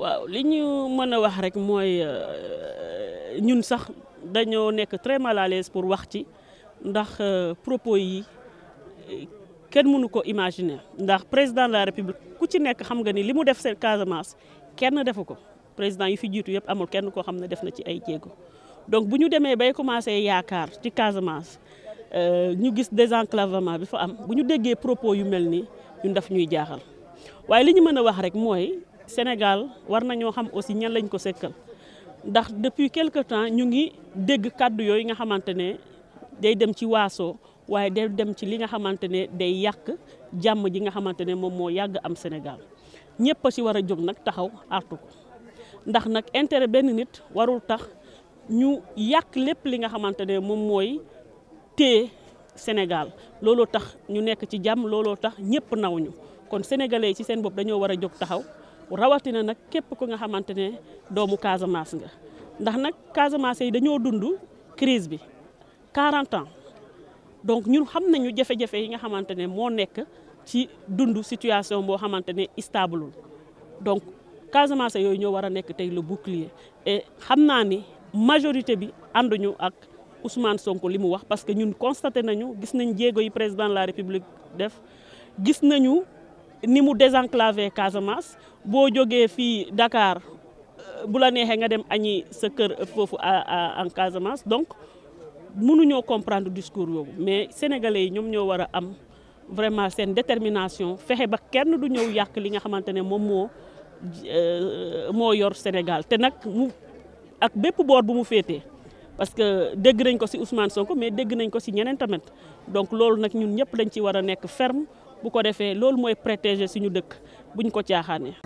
waaw li ñu mën a wax rek mooy euh, ñun sax dañoo nekk très mal à pour wax ci ndax euh, propos yi euh, kenn mënu ko imaginer ndax président de la république ku ci nekk xam nga ni li mu def seen Casamance kenn defu ko président yi fi jiitu yëpp amul kenn koo xam ne def na ci ay jéego donc bu ñu demee bay commencé yaakaar ci Casamance ñu gis désenclavement bi fa am bu ñu déggee propos yu mel nii ñun daf ñuy jaaxal waaye li ñu mën a wax rek mooy. Sénégal war nañoo xam aussi ñan lañ ko sekkal ndax depuis quelque temps ñu ngi dégg kàddu yooyu nga xamante ne day dem ci waaso waaye day dem ci li nga xamante ne day yàq jàmm ji nga xamante ne moom moo yàgg am Sénégal ñëpp a ci war a jóg nag taxaw artu ndax nag intérêt benn nit warul tax ñu yàq lépp li nga xamante ne moom mooy téye Sénégal looloo tax ñu nekk ci jàmm looloo tax ñëpp naw ñu kon sénégalais ci seen bopp dañoo war a jóg taxaw. rawatina nag képp ku nga xamante ne doomu Casamance nga ndax nag Casamance yi dañoo dund crise bi 40 ans donc ñun xam nañu jafe-jafe yi nga xamante ne moo nekk ci dund situation boo xamante ne staabulul donc Casamance yooyu ñoo war a nekk tey le bouclier et xam naa ni majorité bi ànduñu ak Ousmane Sonko li mu wax parce que ñun constaté nañu gis nañ jéego yi président de la République def gis nañu. ni mu désenclavé Casamance boo jógee fii dakaar euh, bu la neexee nga dem añi sa kër foofu en Casamance donc mënuñoo comprendre discours yoobu mais sénégalais yi ñoom ñoo war a am vraiment seen détermination fexe ba kenn du ñëw yàq li nga xamante ne moom moo euh, moo yor Sénégal te nag mu ak bépp boor bu mu féetee parce que dégg nañ ko ci Ousmane Sonko mais dégg nañ ko si ñeneen tamit donc loolu nag ñun ñëpp dañ ci war a nekk ferme. bu ko defee loolu mooy protéger suñu dëkk buñ ko caaxaanee.